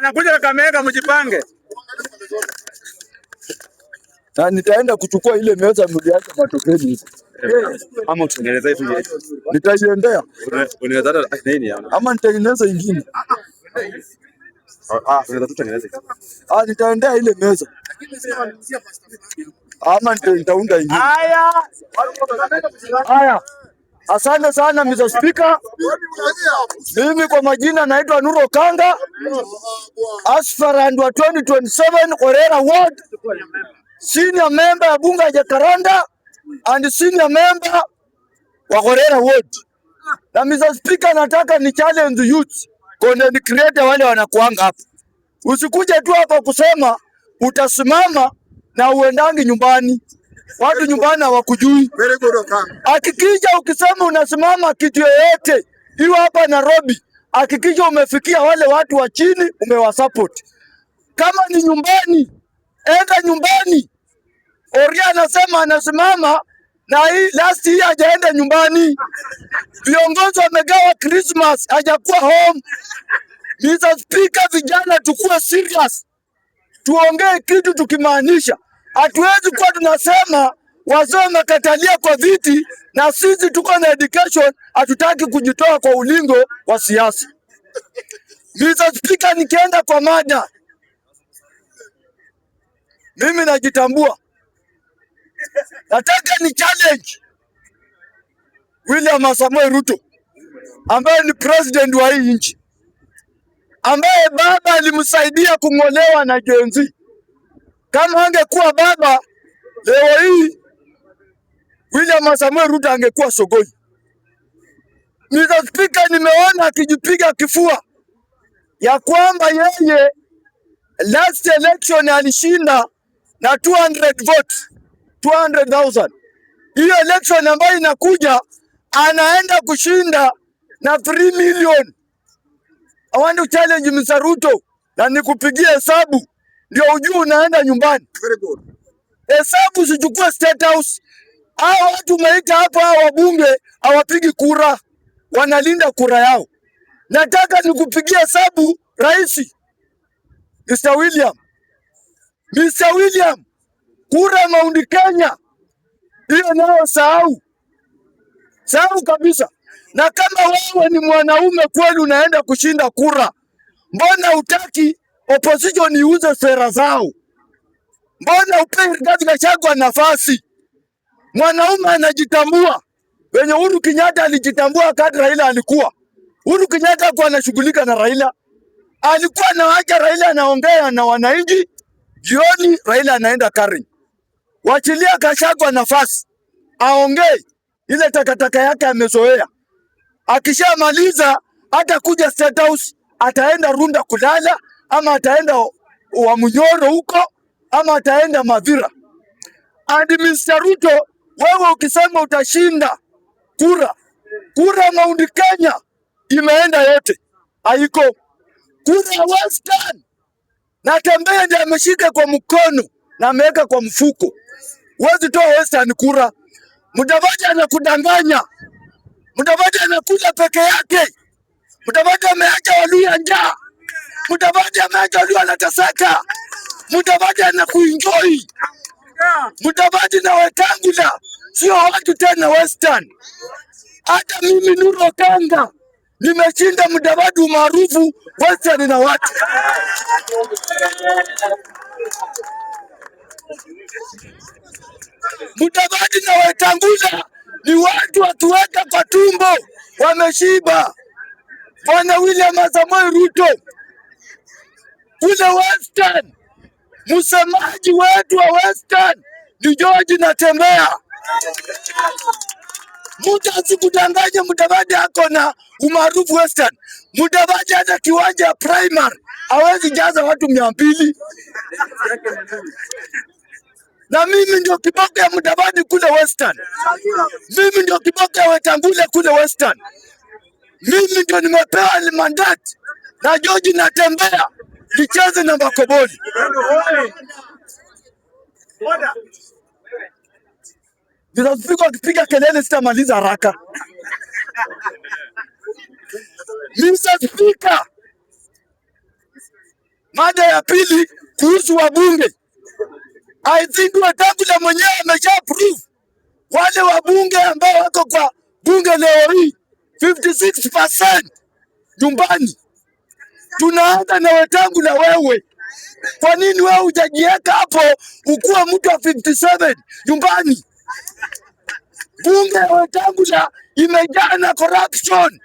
anakuja Kakamega, mjipange. Na nitaenda kuchukua ile meza mliacha matokeni eh. ama utengeneze hivi ile. Nitaiendea. Unaweza hata ah, nini ama nitengeneza nyingine. Ah, ah unaweza tutengeneze. Ah, nitaendea ile meza. Ama nitaunda nyingine. Haya. Haya. Asante sana Mr. Speaker. Mimi kwa majina naitwa Nuro Kanga aspirant wa 2027 Orera Ward, senior member ya bunge ya Jakaranda and senior member wa Orera Ward. Na Mr. Speaker, nataka ni challenge youth content creator wale wanakuanga hapa, usikuje tu hapa kusema utasimama na uendangi nyumbani watu nyumbani hawakujui. Hakikisha ukisema unasimama kitu yoyote hiyo hapa Nairobi, hakikisha umefikia wale watu wa chini, umewasupport. Kama ni nyumbani, enda nyumbani. Oria anasema anasimama na hii last hii hajaenda nyumbani, viongozi wamegawa Christmas, hajakuwa home. Mr. Speaker, vijana tukue serious, tuongee kitu tukimaanisha. Hatuwezi kuwa tunasema wazee wamekatalia kwa viti na sisi tuko na education, hatutaki kujitoa kwa ulingo wa siasa. Mr. Speaker, nikienda kwa mada, mimi najitambua, nataka ni challenge William Samoei Ruto ambaye ni president wa hii nchi ambaye baba alimsaidia kung'olewa na Gen kama angekuwa baba leo hii William Samuel Ruto angekuwa sogoi. Mr. Speaker, nimeona akijipiga kifua ya kwamba yeye last election alishinda na 200 votes, 200,000. Hiyo election ambayo inakuja anaenda kushinda na 3 million. I want to challenge Mr. Ruto na nikupigie hesabu ndio ujue unaenda nyumbani. Hesabu zichukue State House. Hao watu umeita hapo, hao wabunge hawapigi kura, wanalinda kura yao. Nataka nikupigia hesabu rais Mr. William. Mr. William, kura Mount Kenya hiyo nayo sahau, sahau kabisa. Na kama wewe ni mwanaume kweli unaenda kushinda kura, mbona utaki opposition iuze sera zao. Mbona upei Rigathi Gachagua nafasi? Mwanaume anajitambua wenye Uhuru Kenyatta alijitambua wakati Raila alikuwa. Uhuru Kenyatta alikuwa anashughulika na Raila, alikuwa anawaacha Raila anaongea na wananchi. Jioni Raila anaenda Karen. Wachilia Gachagua nafasi aongee ile takataka yake amezoea. Akishamaliza hata kuja State House, ataenda Runda kulala, ama ataenda wa mnyoro huko ama ataenda madhira. And Mr. Ruto, wewe ukisema utashinda kura kura Mount Kenya imeenda yote, haiko kura Western Natembea tembea ndiye ameshika kwa mkono na ameweka kwa mfuko. Wezi toa Western kura, mtavaja anakudanganya, mtavaja anakuja peke yake, mtavaja ameacha walio njaa mutavaja maji walio anateseka, mutavaja na kuenjoy, na Wetangula sio watu tena Western. Hata mimi Nuru Kanga nimeshinda mudavadi maarufu Western na watu mudavadi na Wetangula ni watu watuweka kwa tumbo, wameshiba. Bwana William Samoei Ruto kule Western. Msemaji wetu wa Western ni George Natembeya. Mtu asikudanganye Mudavadi ako na umaarufu Western. Mudavadi hata kiwanja ya primary hawezi jaza watu mia mbili na mimi ndio kiboko ya Mudavadi kule Western. Mimi ndio kiboko ya wetangule kule Western. Mimi ndio nimepewa mandate na George Natembeya licheze na makoboli. Nitafika akipiga kelele, sitamaliza haraka. Speaker, mada ya pili kuhusu wabunge. I think Wetangula mwenyewe amesha prove wale wabunge ambao wako kwa bunge leo hii 56% nyumbani tunaanza na wetangu na wewe. Kwa nini wewe hujajiweka hapo ukuwa mtu wa 57 nyumbani? Bunge Wetangula imejaa na corruption.